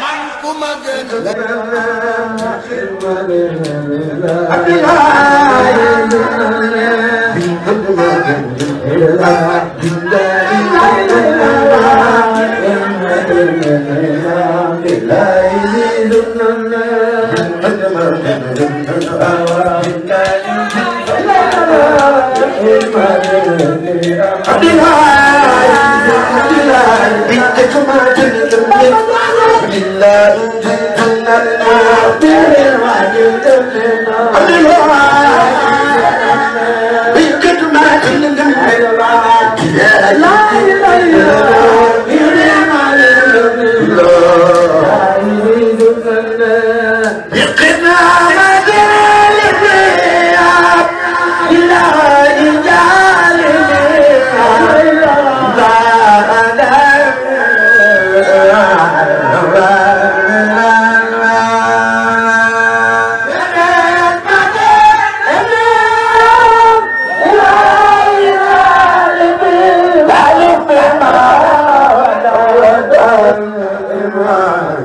man ku ma gën Abdullah بنتك ما تندمي بالله انت جنة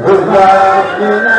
good luck.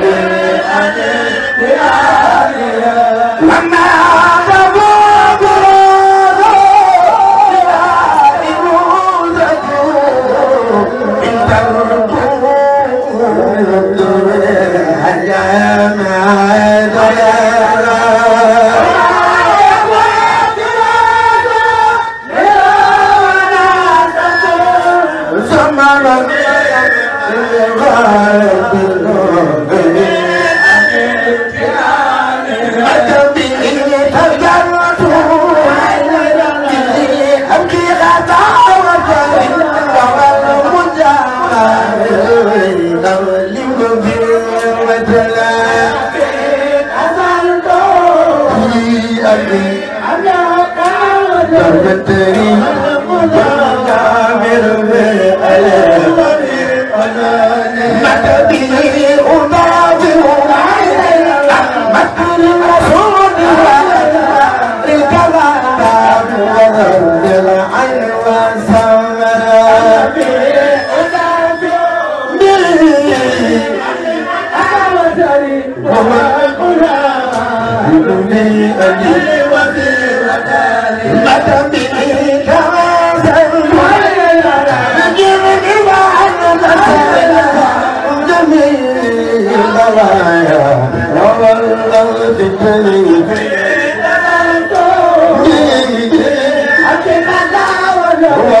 Al-Jantari هو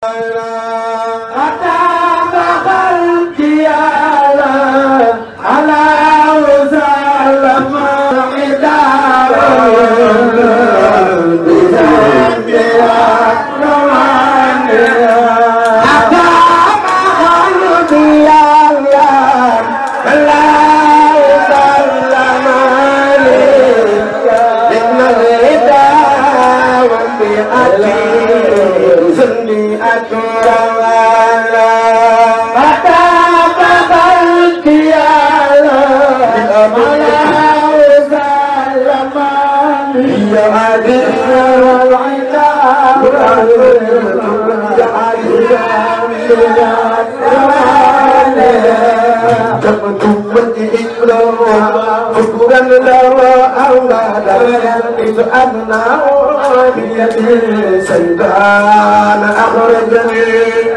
سيدان أخرجني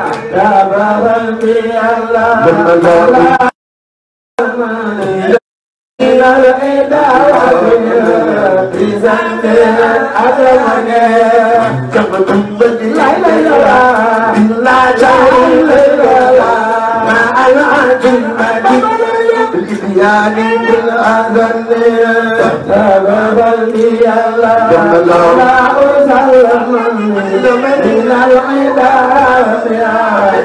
أحتاب ربي الله إلى الإدارة في زمن أدمني كم تنبت ليلة لا جعل ما العجل مدينة يعني بالأذن تبابا لي الله من العباد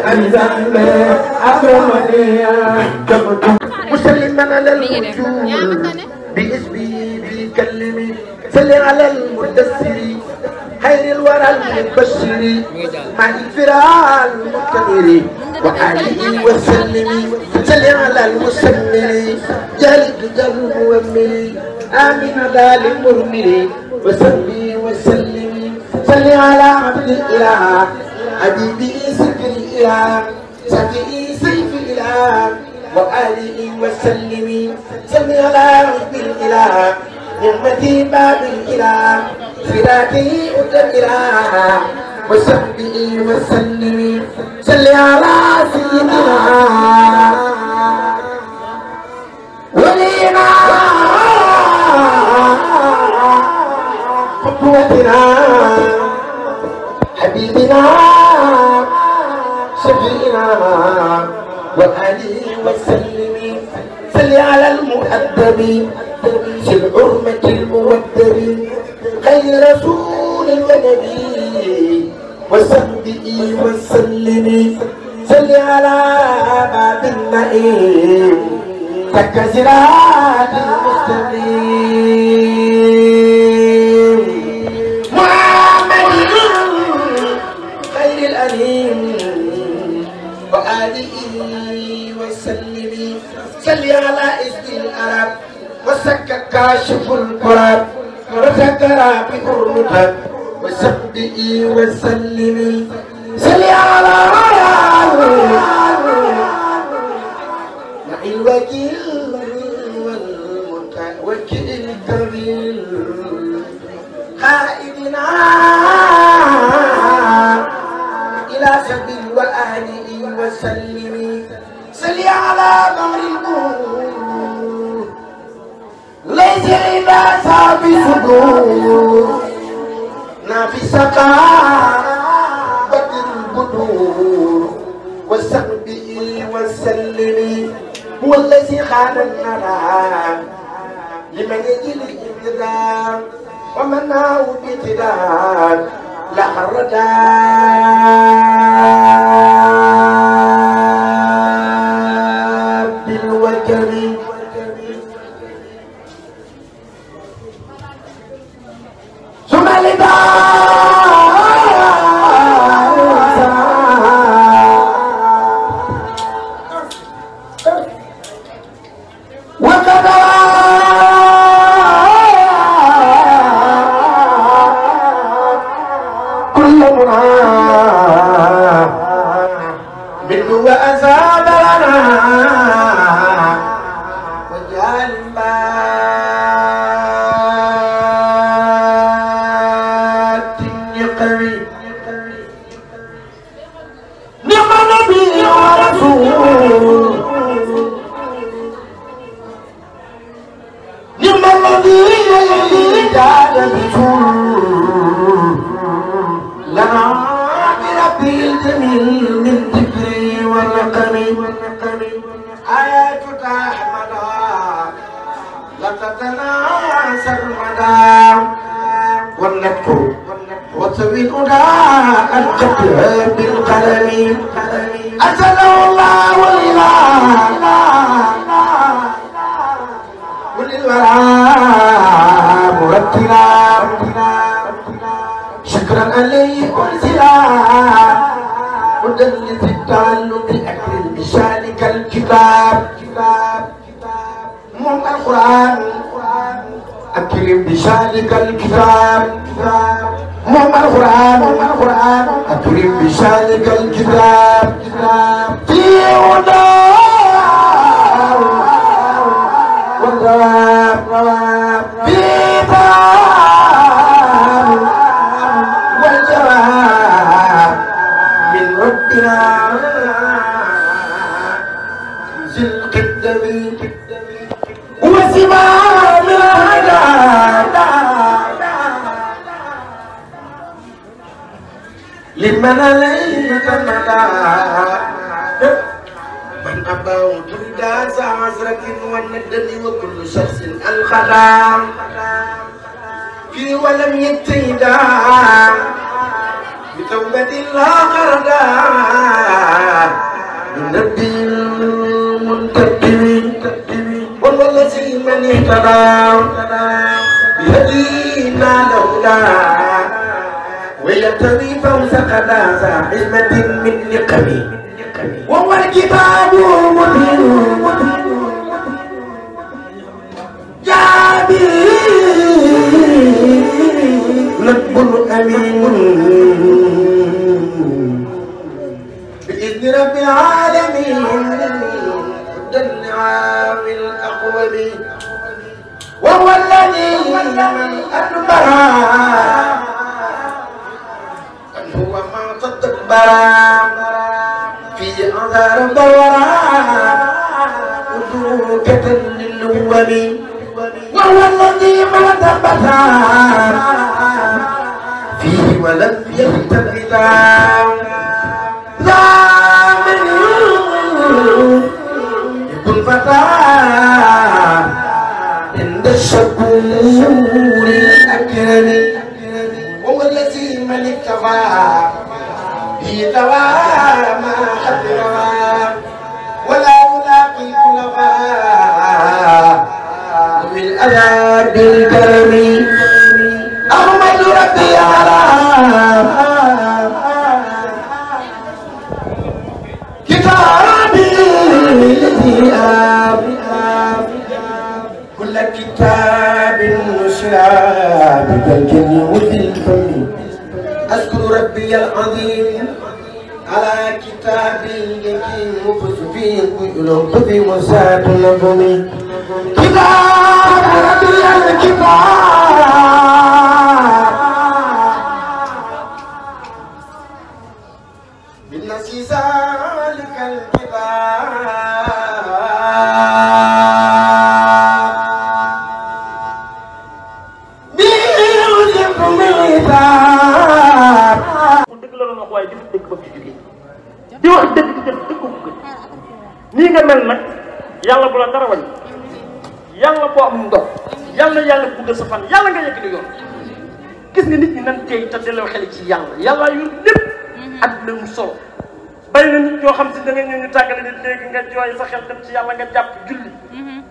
عن ذنبي أكرمني مسلما على الوجود باسمي بيكلمني صل على المدثر خير الورى المبشر مع الفراع المكبر وعليه وسلم صل على المسمر جلد جل مؤمر آمن ذا للمرمر وسمي وسلم صل على عبد الإله حبيبي سر الإله شفيعي سيف الإله وآله وسلم صل على عبد الإله نعمتي باب الإله صراطي أد الإله وصحبه وسلم صل على سيدنا ولينا قدوتنا حبيبنا شفينا وآله وسلم صل على المؤدب في الحرمة المودب خير رسول ونبي وصحبه وسلم صل على باب النعيم تكسرات المستقيم كشف الكراب وذكراتكم نتب وسبئي وسلمي سلي على مع الوكيل والمتوكل الكريم قائدنا إلى سبيل والآل وسلمي سلي على بدو نافسة بدر البدور وسبي وسلمي هو الذي خان النار لمن يجل الإبدان ومن ناو بتدان لحردان bi salikal kitaab moom alquran akrim bi salikal kitaab moom alquran akrim bi salikal kitaab لنا ليلة مدى من أباه ترداس عزرك والندم وكل شخص الخدام في ولم يتهدا بتوبة لا قردا النبي المنتدب والذي من اهتدى بهدينا لولا ويبتغي فوز قداسة حزمة من نقمي وهو الكتاب مدير جابر لب أمين بإذن رب العالمين جل عامل أقوى وهو الذي من أدبر برام في أنظار الدوران أدوكة للأمم وهو الذي مات بطار فيه ولم يهتم بطار لم يود فمي أذكر ربي العظيم على كتابي الذي مبث فيه كل قدم ساعة نظمي كتاب ربي الكتاب boo am dox yàlla na yàlla buggal sa fan yàlla nga yegg ni yoon gis nga nit ñi nan tey te delloo xel ci yàlla yàllaa yor lépp mhm. ak la mu solo bari na nit ñoo xam si da nga ñëw ñu tàggale nit léegi nga jooy sa xel dem ci yàlla mhm.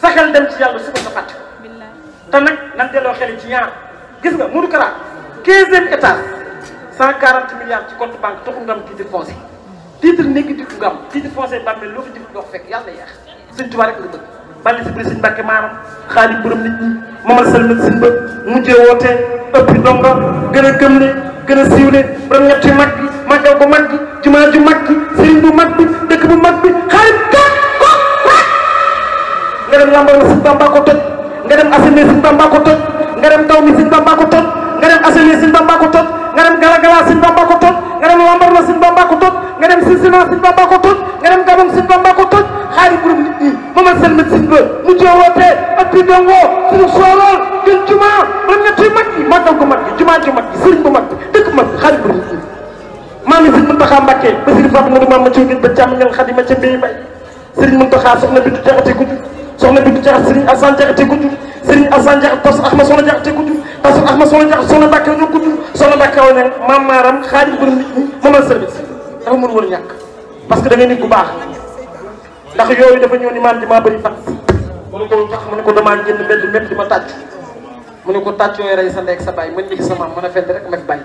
sa xel dem ci yàlla suba sa fàtte te nag nan delloo xel ci ñaar gis nga Modou Kara quinzième étage cent quarante milliards ci compte banque taxul nga am titre foncier mhm. titre négatif nga am titre foncier bàmmeel loo fa jëf dox fekk yàlla na yéex Sëñ Tuubaa rek la bëgg bàlli si biir suñ mbàkke maaram xaalis borom nit ñi mamal salmat sin ba mujjee woote ëppi donga gën a gëm ne gën a siiwle borom ñetti mag gi màggal bu mag gi jumaa sëriñ bu mag dëkk bu mag bi xaalis ta ko nga dem lambal ma suñ bàmbaa ko toj nga dem assemblée suñ bàmbaa ko toj nga dem taw mi suñ bàmbaa toj nga dem assemblée suñ bàmbaa ko toj nga dem galagala suñ bàmbaa ko toj nga dem lambar ma suñ mamasen min sinɓe mu jewode adduɗen o sino sorol gel juma rangati makki magganko makki jumajo makki sëriñ bo makki dëkk makki xarit bo ɗi maami sëriñ Muntaxa Mbàkke ba sëriñ Faatou Modou Mame Thioubine ba càmmiñal Xadima ca mbéy bay sëriñ Muntaxa soxna bi du jaxate guddi soxna bi du jaxat sëriñ Asan jaxate guddi sëriñ Asan jaxat tas axma soxna jaxate guddi tas axma soxna jaxat soxna Mbàkke ñoo guddi soxna Mbàkke wa ne maam maaram xaalis bu nit ñi momal service dafa mën wër ñàkk parce que da ngay nit ku baax ndax yooyu dafa ñëw ni man di maa bëri tax mu ne ko tax mu ne ko damaa génn mbedd mépp di ma tàcc mu ne ko tàcc yooyu sa ndey ak sa bàyyi mën nigi sama mën a fend rek mag bàyyi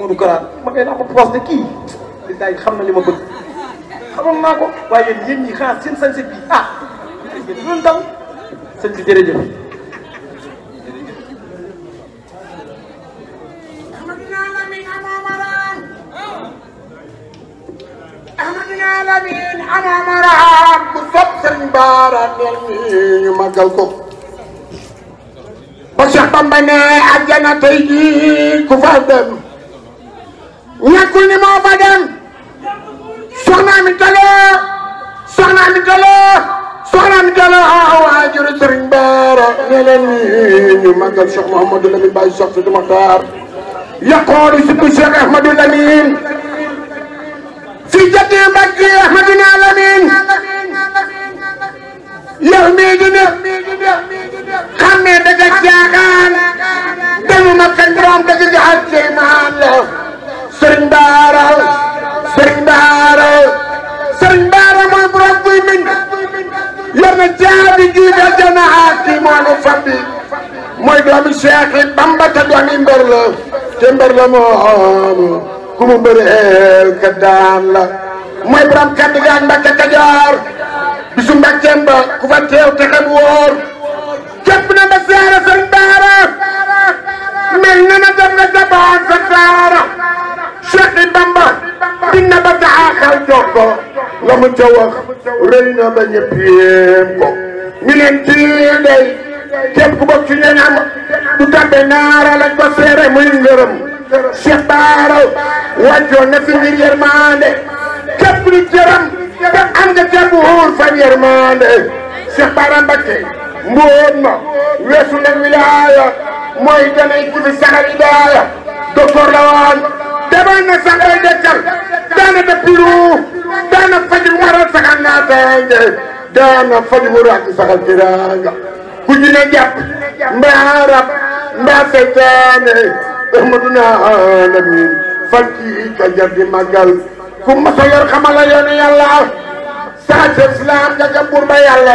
Modou Kara ma koy naa ko poos de kii di daay xam na li ma ko bëgg xamoon maa ko waaye yéen yéen ñi xaar sa si bi ah loolu daw sëñ bi jërëjëf Ahmadina Lamine ana maraam bu sopp Sëriñ Baara neel mi ñu màggal ko ba Cheikh Bamba ne àjjana tey jii ku fa dem ñàkkul moo fa dem soxna mi taloo soxna mi taloo soxna mi taloo waajuru Sëriñ Baara ne leen mi ñu màggal Cheikh Mouhamadou Lamine Baye Cheikh Sidi Mokhtar si jati mbàkki ahmadina alamin yow mii di ne xam ne daga jaaxaan dañu ma kañ borom daga jaxal ci maan la Baara sëriñ Baara sëriñ Baara mooy borom buy miñ yor na jaabi ji da jana ci moonu fambi mooy doomi Cheikh Bamba te doomi mbër la te mbër la ku mu bëri xeew ka daan la mooy borom kaddu gaal Mbàkke Kajoor bisu mbàkkeem ba ku fa teew te xam wóor na ba seere sëñ Baara na na dem nga jabaan sa daara Bamba dina ba taxaaxal jox la mu rëy na ba ñëpp yéem ko ñu leen day képp ku bokk ci ñañam du tabbe naara lañ ko seere muy ngërëm Cheikh Baara wàccoon na fi ngir yërmande képp lu jëram te am nga jàpp wóor fan yërmande Cheikh Baara Mbacké mbóot na wilaaya mooy damay ci fi saxal idaaya docteur la woon demoon na sax ay dekkal daana def daana faj lu waral saxal naataange daana faj lu waral saxal teraanga ku ñu ne jàpp mbaa rab mbaa seytaane Ahmaduna alamin fan ci ka jar di màggal ku masa yor xamala yoonu yàlla saate islam jaga buur ba yàlla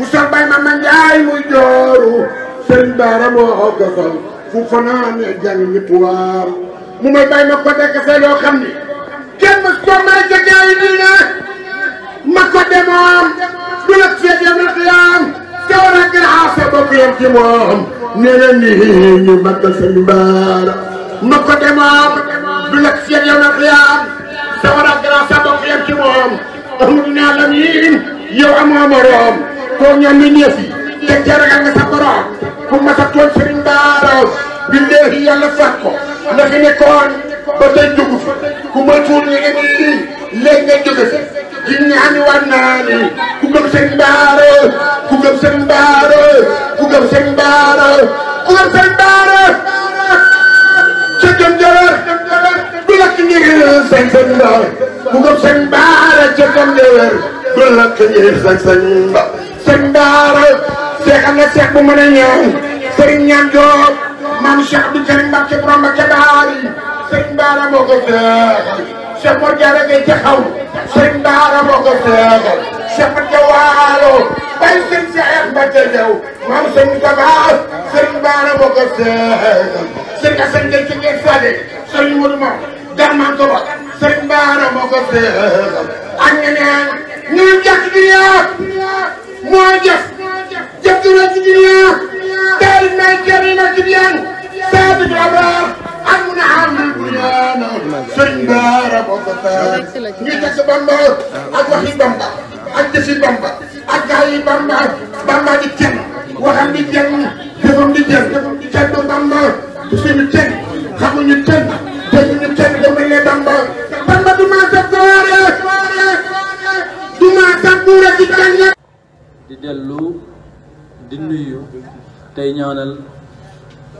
musal bay ma ma njaay muy jooru sëriñ baara moo gasal fu fanaane jàng ñëpp waar mu may bay ma ko dekase loo xam ni kenn mas ko may jegaayi nii ne ma ko demoom du la seet yam na xiyaam daw na grâce bokk yam ci moom nee na nii ñu Baara na ko demoon du lekk seet yow na xiyaam daw na grâce bokk yam ci moom amul naa lam yiin yow amoo moroom koo ñoom mi ñëf yi te jaragal nga sa borom ku mas a tooñ sëriñ Baara billaahi yàlla fat ko la fi nekkoon ba tey dugg ku ma tuul nga ngi léegi nga jóge fi yin ñaani war naani ku gëm sëñ Baara ku gëm sëñ Baara ku gëm sëñ Baara ku gëm sëñ Baara ca gëm jërër du lakk njëgër sañ sañ ba ku gëm sëñ Baara ca gëm jërër du lakk njëgër sañ sañ ba sëñ Baara seex am na seex bu mën a ñëw sëriñ ñaan Joob maam Cheikh bi Karim Mbacke borom Mbacke Baari sëñ Baara moo ko feexal Cheikh Mor Diarra ngay jaxaw sëñ Baara moo ko seegal Cheikh Mor Diarra waalo bay sëñ Cheikh ba jëlew maam sëñ Tabaas sëñ Baara moo ko seegal sëñ Assane Gueye ci ngeen sale sëñ Wurma Darman Toba sëñ Baara moo ko seegal ak ñeneen ñu jàkk di yaa moo jëf jëf dina ci di yaa teel may jëriñ ma ci sabi du maa sa koore du maa di dellu di nuyu tey ñaanal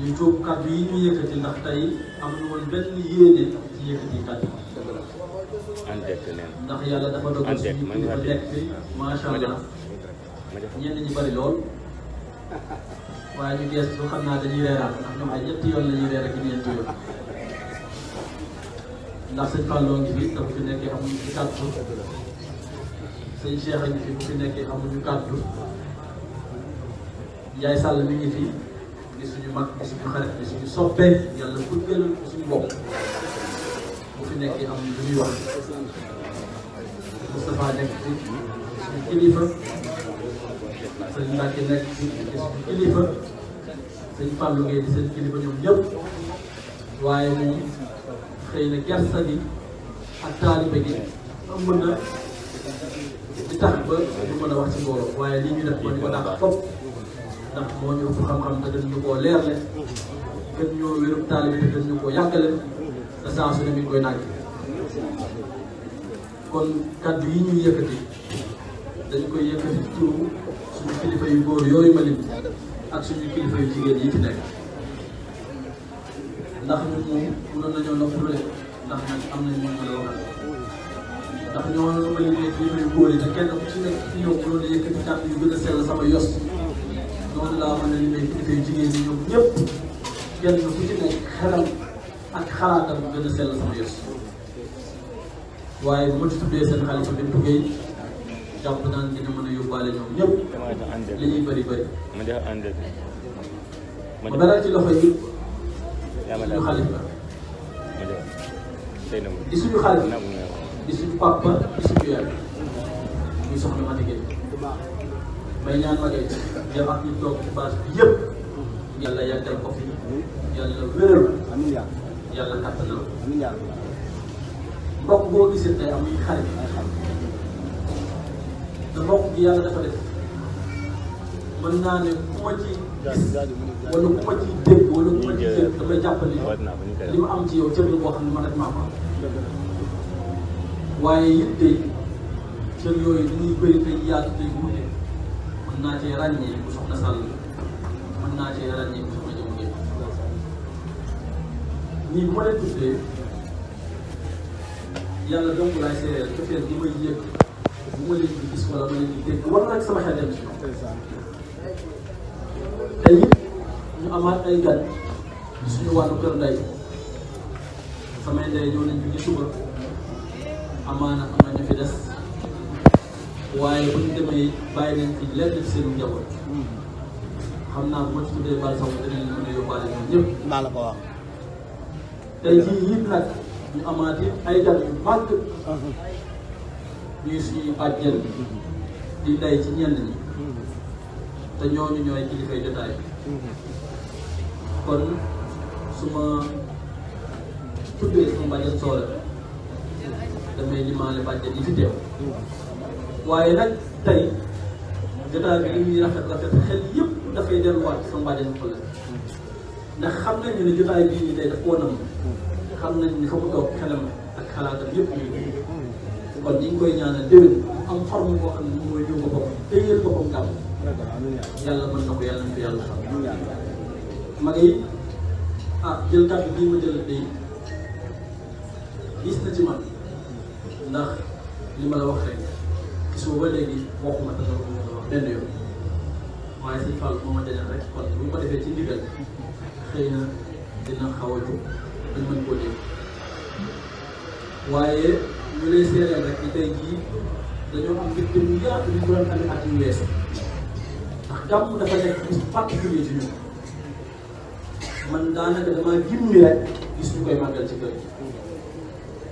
ñu tuub kàddu yi ñu yëkkati ndax tey am na woon benn yéene ci yëkkati kàddu ndax yàlla dafa dogal suñu kilifa nekk fi macha allah ñenn ñi bari lool waaye ñu gees su xam naa dañuy reeraat ndax ñoom ay ñetti yoon la ñuy reer ak ñeenti yoon ndax sëñ Fallou ngi fi dafa fi nekkee amuñu fi kàddu sëñ Cheikh a ngi fi bu fi nekkee amuñu kàddu Ndiaye Sall mi ngi fi di suñu mag di suñu xarit di suñu soppee fi am lu ñuy nekk ci suñu kilifa sëñ Mbacke nekk ci suñu kilifa sëñ Fallou Gueye di seen kilifa ñoom waaye moom xëy na gersa gi ak taalibe gi ëmb na di tax ba du mën a waaye li ñu def ko di ko dàq fop ndax moo ñu ëpp xam-xam te dañu koo leerle gën ñoo wérub taalibe te dañu koo yàggale te saa su ne mi koy nàgg kon kàddu yi ñuy yëkkati dañ koy yëkkati turu suñu kilifa yu góor yooyu ma lim ak suñu kilifa yu jigéen yi fi nekk ndax ñun moom mënoon nañoo noppalu leen ndax nag am nañ ñu mën a waxal ndax ñoo ma limee kilifa yu góor yi te kenn ku ci nekk ci ñoom mënoon a yëkkati kàddu yu gën a sell sama yos noonu laa mën a limee kilifay jigéen ñi ñoom ñëpp kenn ku ci nekk xelam ak xalaatam gën a sell sama yos waaye bu ma ci tuddee seen xalifa bi tuggéey jàpp naa ne dina mën a yóbbaale ñoom ñëpp li ñuy bëri bëri. ma dalal ci loxo yi suñu xalifa di suñu xalifa di suñu papa di suñu yaay muy soxna Mati Gueye may ma dee yow ak ñu toog ci base bi yëpp yàlla yàggal ko fi yàlla wéral yàlla boo gisee tey am na xarit te mbokk bi yàlla dafa def mën naa ne ku ma wala ku ma ci wala ku ma ci jël damay jàppale li ma am ci yow cër la boo xam ne man ak maa ko am waaye it tey cër yooyu mën naa cee ràññee bu soxna Sall mën naa cee ràññee bu soxna Jaw Géey ñii bu ma leen tuddee yàlla donc laay seereel cofeel gi may yëg bu ma leen di gis wala ma leen di war na rek sama xel ci te it ñu amaat ay gan suñu wàllu kër ndey samay ndey ñëw nañ bi ñu suba amaana am na ñu fi waaye bu ñu demee bàyyi nañ fi lenn seenu njaboot xam naa bu ma ci tuddee Balla Samb danañ mën a yóbbaale ñoom ñëpp. maa la ko wax. tey jii yëpp nag ñu ay gan yu màgg. ñuy suñuy bàjjen di day ci ñenn ñi. te ñooñu ñooy kilifay jotaay bi. kon su ma tuddee sama bàjjen soola damay limaale bàjjen yi fi teew. waaye nag tey jotaay bi li muy rafet rafet xel yëpp dafay delluwaat sa mbaajan xol ndax xam nañu ne jotaay bii nii tey daf koo nam xam nañ ni fa mu toog xelam ak xalaatam yëpp ñu kon ñu ngi koy ñaanal am forme boo xam ne moom mooy ñëw boppam téyeel boppam gàmm yàlla mën na ko yàlla na ko yàlla xam mag yi ah jël kàddu bii ma jël day gis na ci man ndax li ma la wax rek suba ba léegi waxuma tasawuf bi nga wax benn yoon waaye sëñ Fall moo ma dajal rek kon bu ñu ko defee ci ndigal xëy na dina xaw a jóg dañ mën koo dégg waaye ñu lay seereel rek ni tey jii dañoo am mbégte mu yaatu ñu doon amee at yu weesu ndax gàmm dafa daanaka damaa gim ni rek gis ñu koy màggal ci kër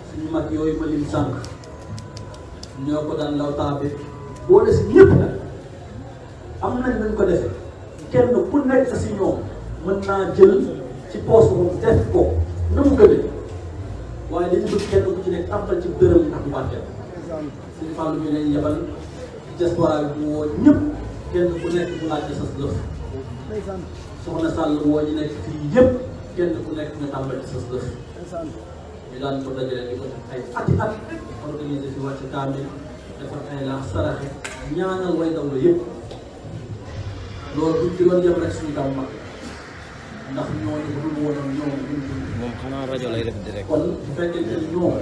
suñu mag yooyu ma lim sànq. ñoo ko daan law taabe boo des ñëpp nag am nañ nañ ko defee kenn ku nekk si ñoom mën naa jël ci poos moom def ko na mu gënee waaye dañu bëgg kenn ku ci nekk tàmbal ci dërëm ndax mu barkeel suñu fàllu bi lañ yebal diaspora bi mu woo ñëpp kenn ku nekk mu laajte sas lëf soxna woo ñu nekk fii yëpp kenn ku nekk nga tàmbal ci sas lëf ñu daan ko dajale di ko def ay ati at organiser fi wàcc kaamil defar ay saraxe ñaanal way daw la yëpp loolu buñ ci doon yem rek suñu mag ndax ñoom duñ bu fekkee ne ñoom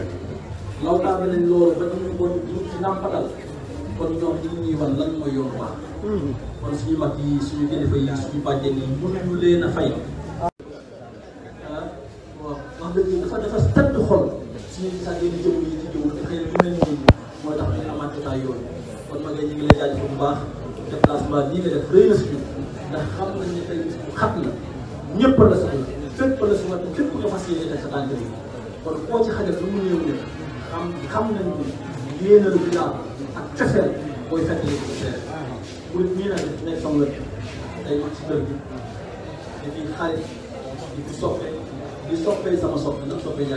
law taame nañ loolu ba ñu kon ñoom ñu ñuy wan lan mooy yoon baax kon suñu mag yi suñu kilifa yi suñu bàjjen yi mënuñu leen a fay gis naa yenn jëw yi ci jëw te xëy na nii mooy tax ñu amaat jotaay yooyu kon ma ngay ñu ngi lay jaajëfal bu baax ndax xam nañ ne tey xat la ñëpp la soxla la soxla te nga fas ne xam xam lu ginnaaw ak cofeel booy fekk li ko seer pour nag nekk sama la